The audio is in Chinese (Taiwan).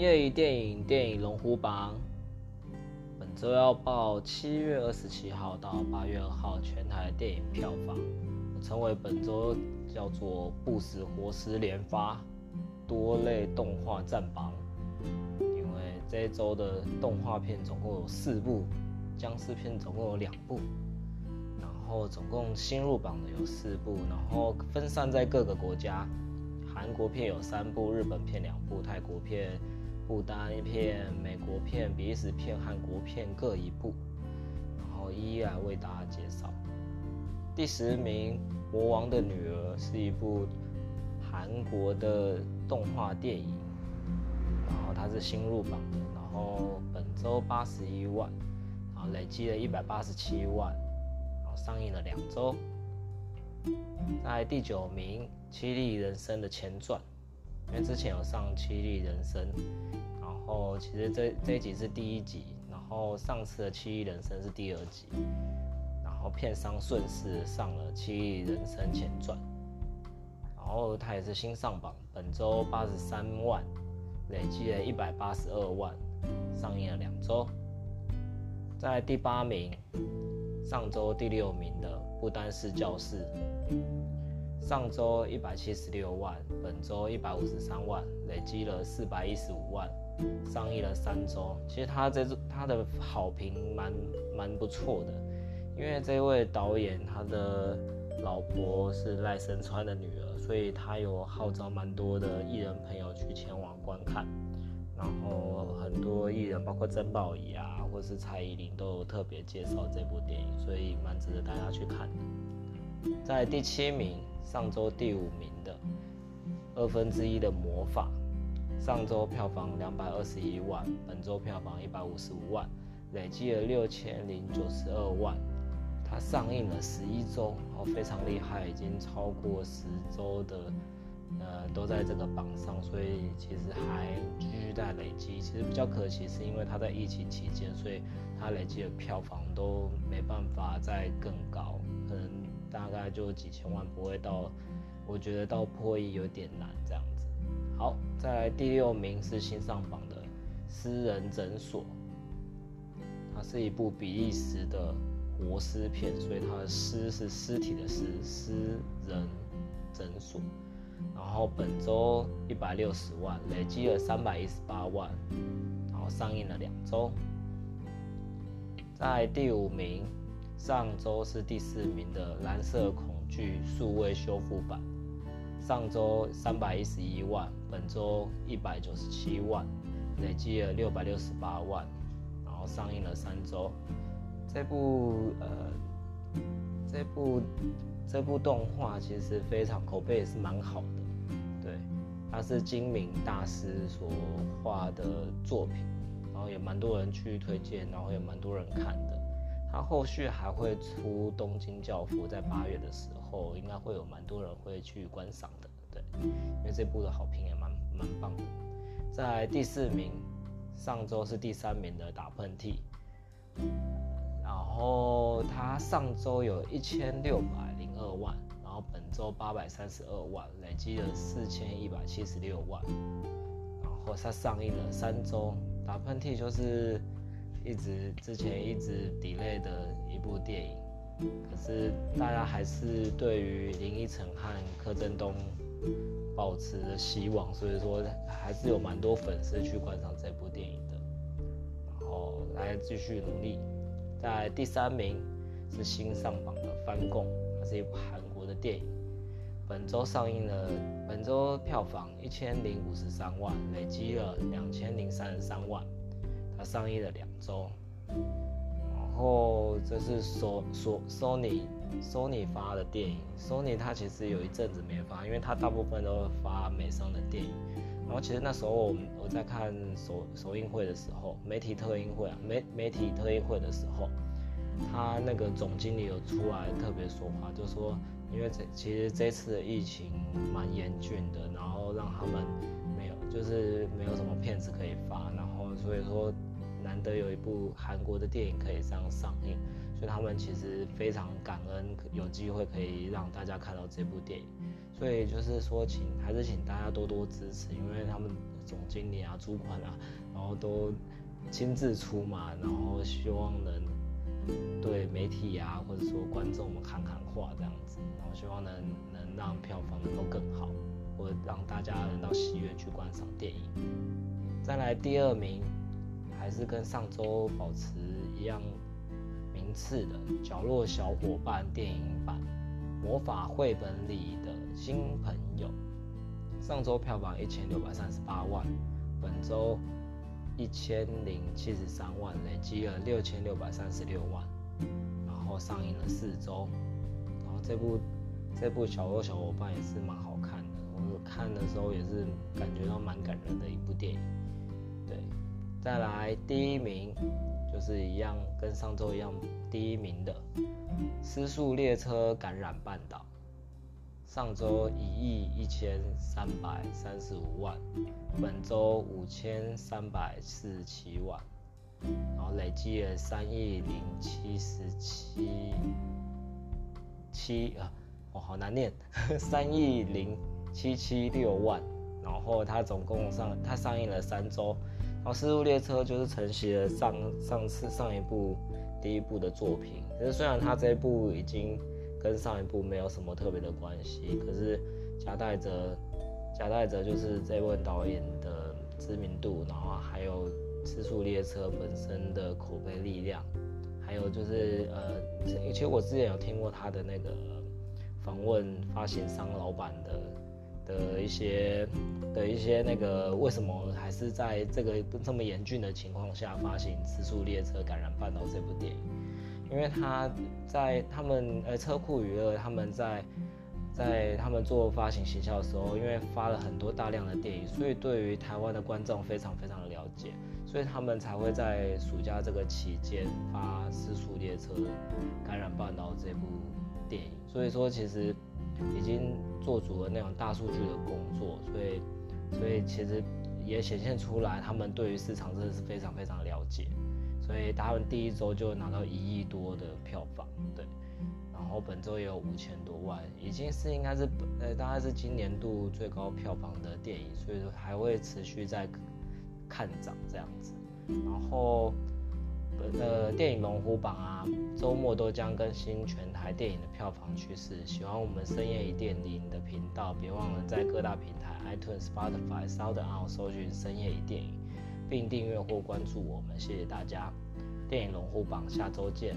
業餘電影《電影龍虎榜》，本週要報七月二十七號到八月二號全台電影票房，成為本週叫做不死活屍連發多類動畫佔榜，因為這一週的動畫片總共有四部，殭屍片總共有兩部，然後總共新入榜的有四部，然後分散在各個國家，韓國片有三部，日本片兩部，泰國片。不丹一片美國片、比利時片韓國片各一部，然後一一來為大家介紹。第十名《魔王的女兒》是一部韓國的動畫電影，然後它是新入榜的，然後本周八十一萬，啊，累積了一百八十七萬，然後上映了兩周。在第九名《淒厲人僧》的前傳。因為之前有上《淒厲人僧》，然後其實這這一集是第一集，然後上次的《淒厲人僧》是第二集，然後片商順勢上了《淒厲人僧前傳》，然後他也是新上榜，本週八十三萬，累計了一百八十二萬，上映了兩週，在第八名，上週第六名的不丹是教室，上周一百七十六萬，本周一百五十三萬，累積了四百一十五萬，上映了三周。其實他這他的好評蠻蠻不錯的，因為這位導演他的老婆是賴聲川的女兒，所以他有號召蠻多的藝人朋友去前往觀看，然後很多藝人包括曾寶儀啊，或是蔡依林都特別介紹這部電影，所以蠻值得大家去看的。在第七名。上週第五名的二分之一的魔法，上週票房兩百二十一萬，本周票房一百五十五萬，累計了六千零九十二萬。它上映了十一周，然後非常厲害，已經超過十周的，呃，都在這個榜上，所以其實還繼續在累積。其實比較可惜是因為它在疫情期間，所以它累積的票房都沒辦法再更高。就幾千萬，不會到，我覺得到破億有點難這樣子。好，再來第六名是新上榜的《屍人診所》，它是一部比利時的活屍片，所以它的“屍”是屍體的“屍”，屍人診所。然後本周一百六十萬，累積了三百一十八萬，然後上映了兩周。在第五名。上週是第四名的《藍色恐懼》數位修復版，上週三百一十一萬，本週一百九十七萬，累計了六百六十八萬，然後上映了三週。這部呃，這部這部動畫其實非常口碑也是蠻好的，對，它是今敏大師所畫的作品，然後也蠻多人去推薦，然後也蠻多人看的。他後續還會出《東京教父》，在八月的時候，應該會有蠻多人會去觀賞的。對，因為這部的好評也蠻蠻棒的。在第四名，上周是第三名的《打噴嚏》，然後它上周有一千六百零二萬，然後本周八百三十二萬，累積了四千一百七十六萬。然後它上映了三周，《打噴嚏》就是。一直之前一直 delay 的一部電影，可是大家還是對於林依晨和柯震東保持著希望，所以說還是有蠻多粉絲去觀賞這部電影的。然後來繼續努力，在第三名是新上榜的《翻供》，它是一部韓國的電影，本週上映了，本週票房一千零五十三萬，累積了兩千零三十三萬，它上映了兩週，然後這是索索索尼索尼發的電影。索尼他其實有一陣子沒發，因為他大部分都發美商的電影。然後其實那時候我我在看首首映會的時候，媒體特映會啊，媒媒體特映會的時候，他那個總經理有出來特別說話，就說因為這其實這次的疫情蠻嚴峻的，然後讓他們沒有就是沒有什麼片子可以發，然後所以說。難得有一部韓國的電影可以這樣上映，所以他們其實非常感恩有機會可以讓大家看到這部電影，所以就是說請還是請大家多多支持，因為他們總經理啊、主管啊，然後都親自出馬，然後希望能對媒體啊或者說觀眾們喊喊話這樣子，然後希望能能讓票房能夠更好，或者讓大家能到戲院去觀賞電影。再來第二名。還是跟上周保持一樣名次的《角落小夥伴》電影版，《魔法繪本》裡的新朋友。上周票房一千六百三十八萬，本周一千零七十三萬，累積了六千六百三十六萬。然後上映了四周，然後這部這部《角落小夥伴》也是蠻好看的。我們看的時候也是感覺到蠻感人的一部電影，對。再來，第一名就是一樣跟上周一樣，第一名的《屍速列車感染半島》，上周一億一千三百三十五萬，本周五千三百四十七萬，然後累計了三億零七十七七啊，哦，好難念，三億零七七六萬，然後它總共上，它上映了三周。屍速列車》就是承襲了上上次上一部第一部的作品，可是雖然他這一部已經跟上一部沒有什麼特別的關係，可是夾帶着夾帶着就是這位導演的知名度，然後還有《屍速列車》本身的口碑力量，還有就是呃，其實我之前有聽過他的那個訪問，發行商老板的。的一些的一些那個，為什麼還是在這個這麼嚴峻的情況下發行《屍速列車感染半島》這部電影？因為他在他們呃車庫娛樂，他們，他們在在他們做發行行銷的時候，因為發了很多大量的電影，所以對於台灣的觀眾非常非常的了解，所以他們才會在暑假這個期間發《屍速列車感染半島》這部電影。所以說，其實已經。做足了那種大數據的工作，所以，所以其實也顯現出來，他們對於市場真的是非常非常了解，所以他們第一周就拿到一億多的票房，對，然後本周也有五千多萬，已經是應該是呃大概是今年度最高票房的電影，所以說還會持續在看漲這樣子，然後。呃，電影龍虎榜啊，週末都將更新全台電影的票房趨勢。喜歡我們深夜一電影的頻道，別忘了在各大平台，iTunes、Spotify、SoundOn 搜尋“深夜一電影”，並訂閱或關注我們。謝謝大家，電影龍虎榜，下週見。